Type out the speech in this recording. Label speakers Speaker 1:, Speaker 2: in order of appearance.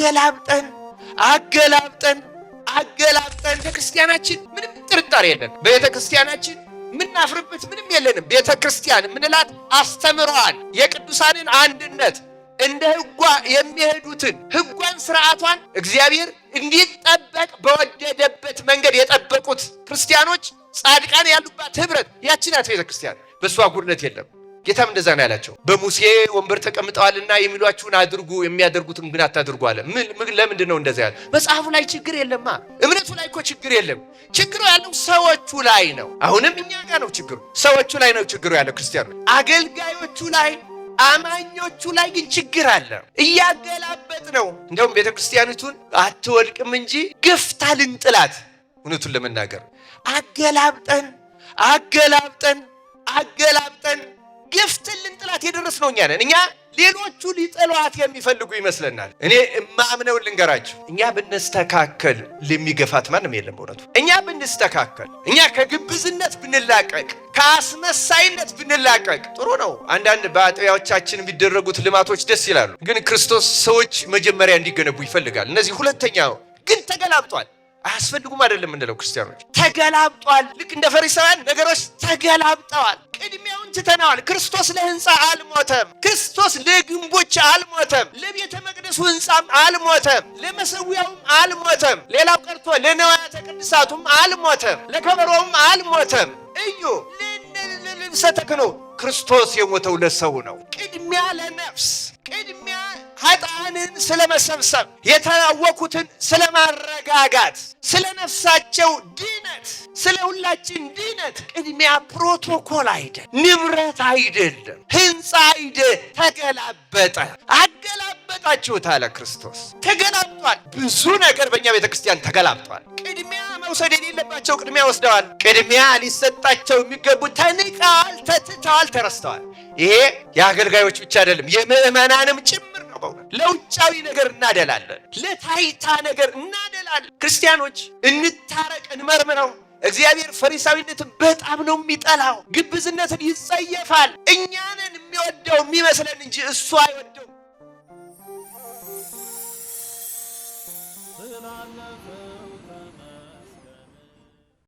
Speaker 1: አገላብጠን አገላብጠን አገላብጠን ቤተ ክርስቲያናችን ምንም ጥርጣሬ የለን። በቤተ ክርስቲያናችን ምናፍርበት ምንም የለንም። ቤተ ክርስቲያን ምንላት አስተምረዋል የቅዱሳንን አንድነት እንደ ሕጓ የሚሄዱትን ሕጓን ስርዓቷን እግዚአብሔር እንዲጠበቅ በወደደበት መንገድ የጠበቁት ክርስቲያኖች ጻድቃን ያሉባት ህብረት ያቺ ናት ቤተ ክርስቲያን። በእሷ ጉድለት የለም። ጌታም እንደዛ ነው ያላቸው። በሙሴ ወንበር ተቀምጠዋልና የሚሏችሁን አድርጉ የሚያደርጉትን ግን አታድርጉ አለ። ምን ለምንድን ነው እንደዛ ያለ? መጽሐፉ ላይ ችግር የለማ። እምነቱ ላይ እኮ ችግር የለም። ችግሩ ያለው ሰዎቹ ላይ ነው። አሁንም እኛ ጋር ነው ችግሩ። ሰዎቹ ላይ ነው ችግሩ ያለው። ክርስቲያኖች አገልጋዮቹ ላይ አማኞቹ ላይ ግን ችግር አለ። እያገላበጥ ነው። እንደውም ቤተ ክርስቲያኒቱን አትወድቅም እንጂ ገፍታ ልንጥላት። እውነቱን ለመናገር አገላብጠን አገላብጠን ነው እኛ ነን። እኛ ሌሎቹ ሊጠሏት የሚፈልጉ ይመስለናል። እኔ እማምነው ልንገራቸው፣ እኛ ብንስተካከል ለሚገፋት ማንም የለም። በእውነቱ እኛ ብንስተካከል፣ እኛ ከግብዝነት ብንላቀቅ፣ ከአስመሳይነት ብንላቀቅ ጥሩ ነው። አንዳንድ በአጥቢያዎቻችን የሚደረጉት ልማቶች ደስ ይላሉ፣ ግን ክርስቶስ ሰዎች መጀመሪያ እንዲገነቡ ይፈልጋል። እነዚህ ሁለተኛው ግን ተገላብጧል። አያስፈልጉም አይደለም የምንለው ክርስቲያኖች ተገላብጧል። ልክ እንደ ፈሪሳውያን ነገሮች ተገላብጠዋል። ተዋጅተናል። ክርስቶስ ለህንፃ አልሞተም። ክርስቶስ ለግንቦች አልሞተም። ለቤተ መቅደሱ ህንፃም አልሞተም። ለመሰዊያውም አልሞተም። ሌላው ቀርቶ ለነዋያተ ቅድሳቱም አልሞተም። ለከበሮውም አልሞተም። እዩ ልብሰ ተክህኖ ክርስቶስ የሞተው ለሰው ነው፣ ቅድሚያ ለነፍስ ቅድሚያ ኃጣንን ስለ መሰብሰብ ስለማረጋጋት ስለ ማረጋጋት፣ ስለ ነፍሳቸው ድነት፣ ስለ ሁላችን ድነት ቅድሚያ ፕሮቶኮል አይደል፣ ንብረት አይደለም፣ ህንፃ አይደ ተገላበጠ አገላበጣችሁት አለ ክርስቶስ። ተገላብጧል። ብዙ ነገር በእኛ ቤተ ክርስቲያን ተገላብጧል። ቅድሚያ መውሰድ የሌለባቸው ቅድሚያ ወስደዋል። ቅድሚያ ሊሰጣቸው የሚገቡ ተንቃል፣ ተትተዋል፣ ተረስተዋል። ይሄ የአገልጋዮች ብቻ አይደለም፣ የምዕመናንም ጭምር ነው። በእውነት ለውጫዊ ነገር እናደላለን፣ ለታይታ ነገር እናደላለን። ክርስቲያኖች እንታረቅ፣ እንመርምረው። እግዚአብሔር ፈሪሳዊነትን በጣም ነው የሚጠላው፣ ግብዝነትን ይጸየፋል። እኛንን የሚወደው የሚመስለን እንጂ እሱ አይወደው። ስላለፈው